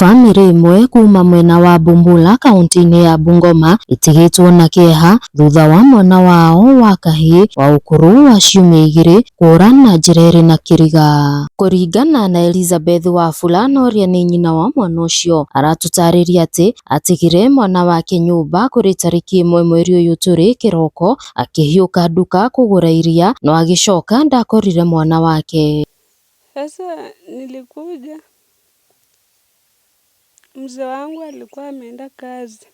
Bamĩrĩ ĩmwe kuma mwena wa Bumbula kaunti-inĩ ya Bungoma ĩtigĩtwo na kĩeha thutha wa mwana wao wa kahĩĩ wa ũkũrũ wa ciumia igĩrĩ kũra na njĩra ĩrĩ na kĩriga. Kũringana na Elizabeth wa fulano ũrĩa nĩ nyina wa mwana ũcio, aratũtarĩria atĩ atigire mwana wake nyũmba kũrĩ tarĩki ĩmwe mweri ũyũ tũrĩ kĩroko akĩhiũka nduka kũgũra iria no agĩcoka ndakorire mwana wake. Sasa nilikuja Mzee wangu alikuwa ameenda kazi,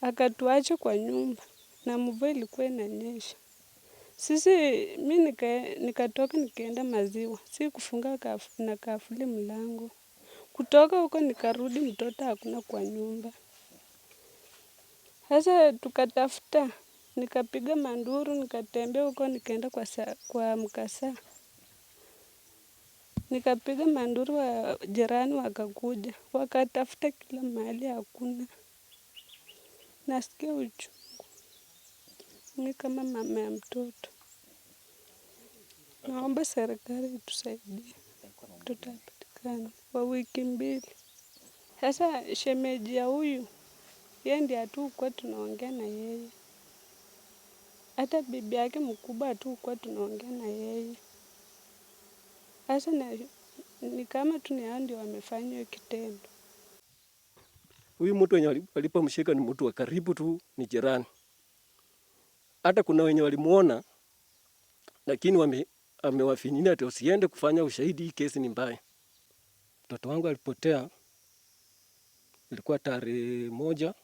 akatuacha kwa nyumba na mvua ilikuwa inanyesha. Sisi mi nika, nikatoka nikaenda maziwa, si kufunga kafu, na kafuli mlango. Kutoka huko nikarudi, mtoto hakuna kwa nyumba. Sasa tukatafuta, nikapiga manduru, nikatembea huko nikaenda kwa, kwa mkasa Nikapiga manduru wa jirani wakakuja, wakatafuta kila mahali hakuna. Nasikia uchungu mi kama mama ya mtoto, naomba serikali itusaidie, tutapatikana kwa wiki mbili. Sasa shemeji ya huyu yeye ndiye hatukuwa tunaongea na yeye, hata bibi yake mkubwa hatukuwa tunaongea na yeye. Hasa ni kama tu ni hao ndio wamefanya kitendo. Huyu mtu wenye mshika ni mtu wa karibu tu, ni jirani. Hata kuna wenye walimuona, lakini amewafinyinia ati usiende kufanya ushahidi, hii kesi ni mbaya. Mtoto wangu alipotea ilikuwa tarehe moja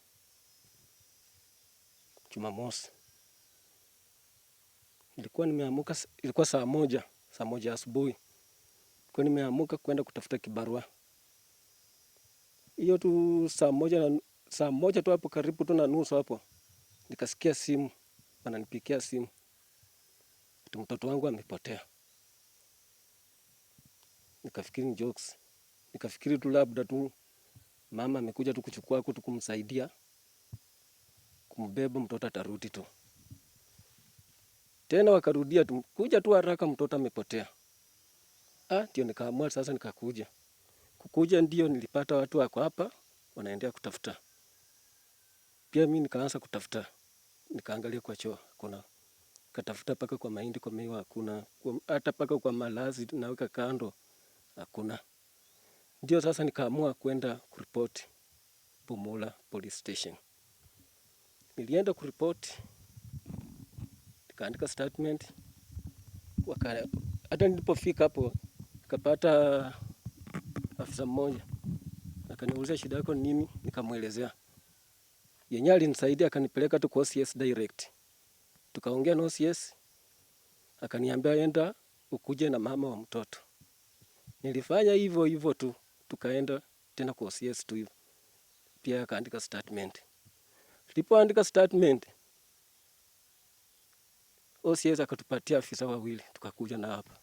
Jumamosi, ilikuwa nimeamuka, ilikuwa saa moja, saa moja asubuhi kwa nimeamuka kwenda kutafuta kibarua. Hiyo tu saa moja, na, saa moja tu hapo karibu tu na nusu hapo nikasikia simu, wananipikia simu ati mtoto wangu amepotea. Nikafikiri ni jokes, nikafikiri tu labda tu mama amekuja tu kuchukua huko tu kumsaidia kumbeba mtoto atarudi tu tena. Wakarudia tu kuja tu haraka, mtoto amepotea. Ah, ndio nikaamua sasa nikakuja. Kukuja ndio nilipata watu wako hapa wanaendea kutafuta. Pia mimi nikaanza kutafuta. Nikaangalia kwa choo kuna katafuta paka kwa mahindi kwa miwa hakuna, hata paka kwa malazi naweka kando hakuna. Ndio sasa nikaamua kwenda kuripoti Bumula Police Station. Nilienda kuripoti, nikaandika statement. Wakara, hata nilipofika hapo nikapata afisa mmoja akaniuliza shida yako ni nini, nikamwelezea yenyewe, alinisaidia akanipeleka tu kwa OCS direct, tukaongea na OCS akaniambia enda ukuje na mama wa mtoto. Nilifanya hivyo hivyo tu, tukaenda tena kwa OCS tu hivyo pia, akaandika statement. Tulipoandika statement, OCS akatupatia afisa wawili, tukakuja na hapa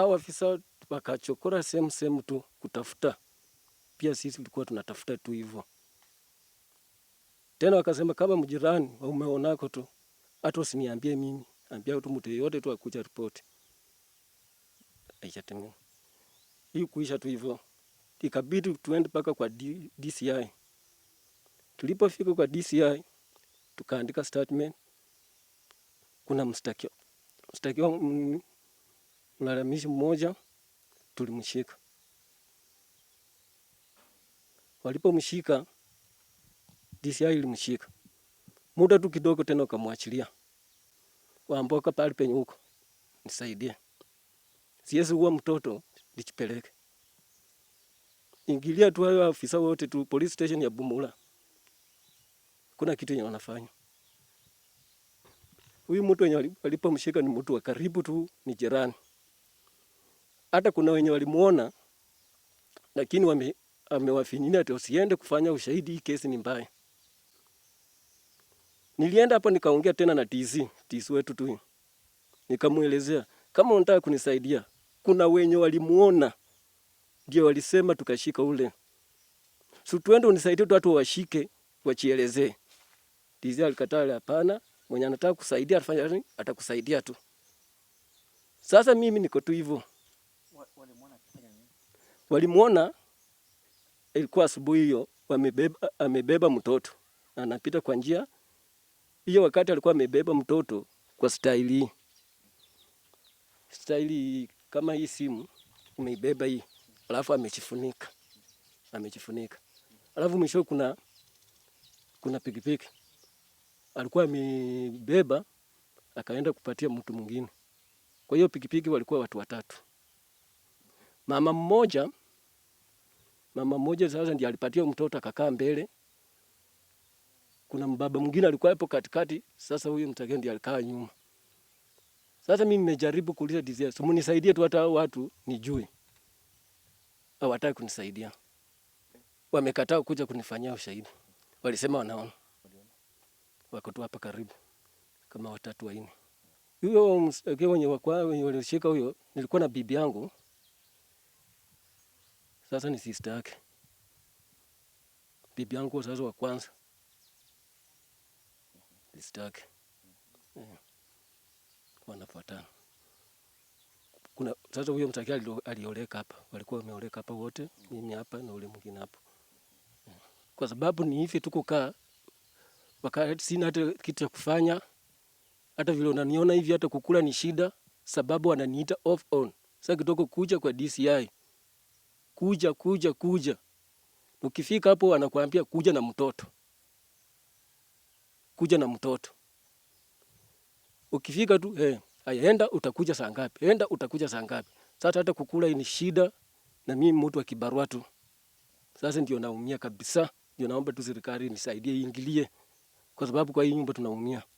au afisa wakachokora sehemu sehemu tu kutafuta. Pia sisi tulikuwa tunatafuta tu hivyo. Tena wakasema kama mjirani wa umeonako tu hata usiniambie mimi, ambia tu mtu yeyote tu akuja ripoti. Hii kuisha tu hivyo. Ikabidi tuende mpaka kwa DCI. Tulipofika kwa DCI tukaandika statement kuna mstakiwa mstakiwa mlalamishi mmoja tulimshika. Walipomshika DCI ilimshika muda tu kidogo, tena ukamwachilia, waamboka pale penye huko, nisaidie, siwezi kuwa mtoto nichipeleke. Ingilia tu hayo afisa wote tu, police station ya Bumula, kuna kitu yenye wanafanya. Huyu mtu yenye alipomshika ni mtu wa karibu tu, ni jirani hata kuna wenye walimuona lakini wame, amewafinyinia ati usiende kufanya ushahidi, hii kesi ni mbaya. Nilienda hapo nikaongea tena na TC, TC wetu tu, nikamuelezea kama unataka kunisaidia, kuna wenye walimuona ndio walisema tukashika ule, si tuende unisaidie tu watu washike wachielezee. TC alikataa, ile, hapana, mwenye anataka kusaidia atafanya, atakusaidia tu. Sasa mimi niko tu hivyo. Walimwona ilikuwa asubuhi hiyo, amebeba mtoto anapita kwa njia hiyo, wakati alikuwa amebeba mtoto kwa staili staili kama hii, simu umeibeba hii, alafu amechifunika amechifunika, alafu mwisho kuna kuna pikipiki alikuwa amebeba akaenda kupatia mtu mwingine. Kwa hiyo pikipiki walikuwa watu watatu. Mama mmoja mama mmoja sasa ndiye alipatia mtoto akakaa mbele. Kuna mbaba mwingine alikuwa hapo katikati, sasa huyu mtakeni ndiye alikaa nyuma. Sasa mimi nimejaribu kuuliza dizia, so mnisaidie tu hata watu nijue. Hawataka kunisaidia. Wamekataa kuja kunifanyia ushahidi. Walisema wanaona. Wako tu hapa karibu kama watatu wanne. Huyo mwenye wakwa wenye walishika huyo nilikuwa na bibi yangu sasa ni sister yake, bibi yangu sasa wa kwanza, sister yake yeah. Wanafuatana. Kuna sasa huyo mtaki alioleka hapa, walikuwa wameoleka hapa wote, mimi hapa na ule mwingine hapo, eh. kwa sababu ni hivi tukukaa wakati sina hata kitu cha kufanya, hata vile unaniona hivi, hata kukula ni shida, sababu wananiita off on. Sasa kitoko kuja kwa DCI kuja kuja kuja. Ukifika hapo anakuambia kuja na mtoto, kuja na mtoto. Ukifika tu eh, enda utakuja saa ngapi? Enda utakuja saa ngapi? Sasa hata kukula ni shida, na mimi mtu wa kibarua tu. Sasa ndio naumia kabisa, ndio naomba tu serikali nisaidie, iingilie, kwa sababu kwa hii nyumba tunaumia.